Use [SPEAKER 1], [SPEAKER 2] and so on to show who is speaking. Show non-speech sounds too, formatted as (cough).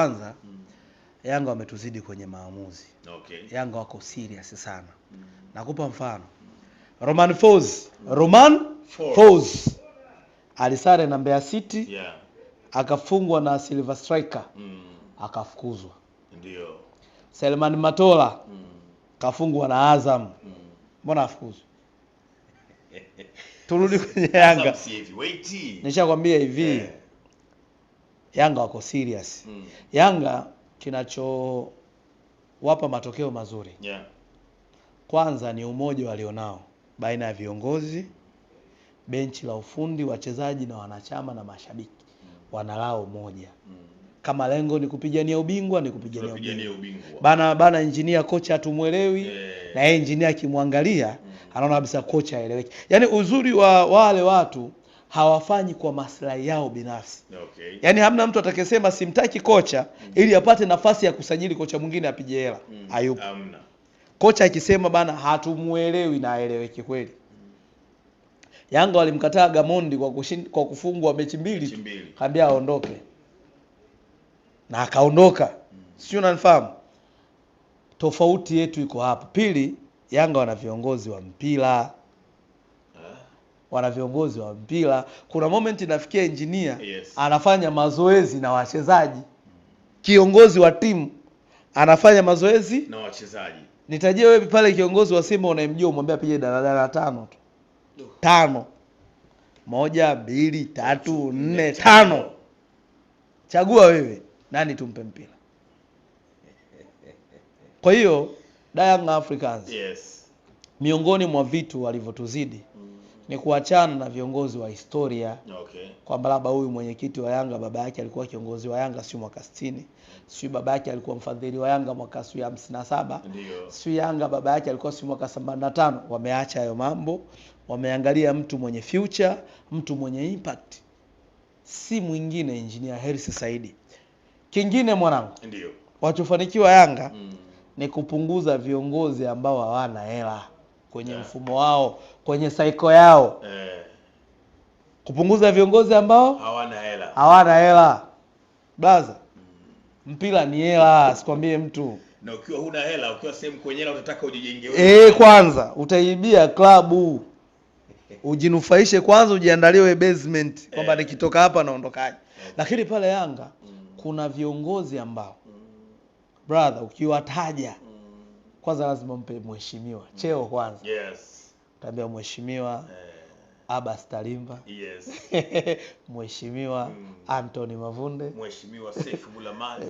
[SPEAKER 1] Kwanza mm. Yanga wametuzidi kwenye maamuzi okay. Yanga wako serious sana mm. Nakupa mfano Roman Foz mm. Roman Foz alisare na Mbeya City yeah. Akafungwa na Silver Striker mm. Akafukuzwa. Ndio. Selman Matola mm. Kafungwa na Azam mm. Mbona afukuzwe? (laughs) Turudi kwenye Yanga. Nishakwambia hivi yeah. Yanga wako serious mm. Yanga kinachowapa matokeo mazuri yeah. Kwanza ni umoja walionao baina ya viongozi, benchi la ufundi, wachezaji na wanachama na mashabiki mm. wanalao moja mm. Kama lengo ni kupigania ubingwa ni kupigania ubingwa. bana bana, injinia kocha hatumwelewi yeah. Na yeye injinia akimwangalia mm. anaona kabisa kocha aeleweki, yaani uzuri wa wale watu hawafanyi kwa maslahi yao binafsi. Okay. Yaani hamna mtu atakayesema simtaki kocha mm -hmm. ili apate nafasi ya kusajili kocha mwingine apige hela. Mm -hmm. Hayupo. Hamna. Kocha akisema bana hatumuelewi na aeleweke kweli. Mm Yanga walimkataa Gamondi kwa kushin, kwa kufungwa mechi mbili tu. Kaambia aondoke. Na akaondoka. Mm Sio unanifahamu? Tofauti yetu iko hapo. Pili, Yanga wana viongozi wa mpira wana viongozi wa mpira. Kuna moment inafikia engineer yes, anafanya mazoezi na wachezaji, kiongozi wa timu anafanya mazoezi
[SPEAKER 2] na wachezaji.
[SPEAKER 1] Nitajie wewe pale kiongozi wa Simba unayemjua, umwambia pige daladala tano tu tano, moja, mbili, tatu, nne, tano, chagua wewe nani tumpe mpira. Kwa hiyo Young Africans yes, miongoni mwa vitu walivyotuzidi ni kuachana na viongozi wa historia okay. Kwamba labda huyu mwenyekiti wa Yanga baba yake alikuwa kiongozi wa Yanga sio mwaka 60, sio baba yake alikuwa mfadhili wa Yanga mwaka sio 57, sio Yanga baba yake alikuwa sio mwaka 85. Wameacha hayo mambo, wameangalia mtu mwenye future, mtu mwenye impact, si mwingine engineer Hersi Saidi. Kingine mwanangu, ndio wachofanikiwa Yanga mm. ni kupunguza viongozi ambao hawana hela kwenye yeah. mfumo wao kwenye saiko yao yeah. kupunguza viongozi ambao
[SPEAKER 2] hawana hela
[SPEAKER 1] hawana hela blaza mm. mpira ni hela sikwambie mtu
[SPEAKER 2] na ukiwa huna hela ukiwa sehemu kwenye hela utataka ujijenge
[SPEAKER 1] eh kwanza utaibia klabu ujinufaishe kwanza ujiandaliwe basement kwamba yeah. nikitoka hapa naondokaje yeah. lakini pale yanga mm. kuna viongozi ambao mm. brother ukiwataja mm kwanza lazima mpe mheshimiwa cheo kwanza.
[SPEAKER 2] Yes.
[SPEAKER 1] Utaambia mheshimiwa eh. Abbas Tarimba. Yes. (laughs) Mheshimiwa mm. antony Mavunde.
[SPEAKER 2] Mheshimiwa sefu bulamani (laughs)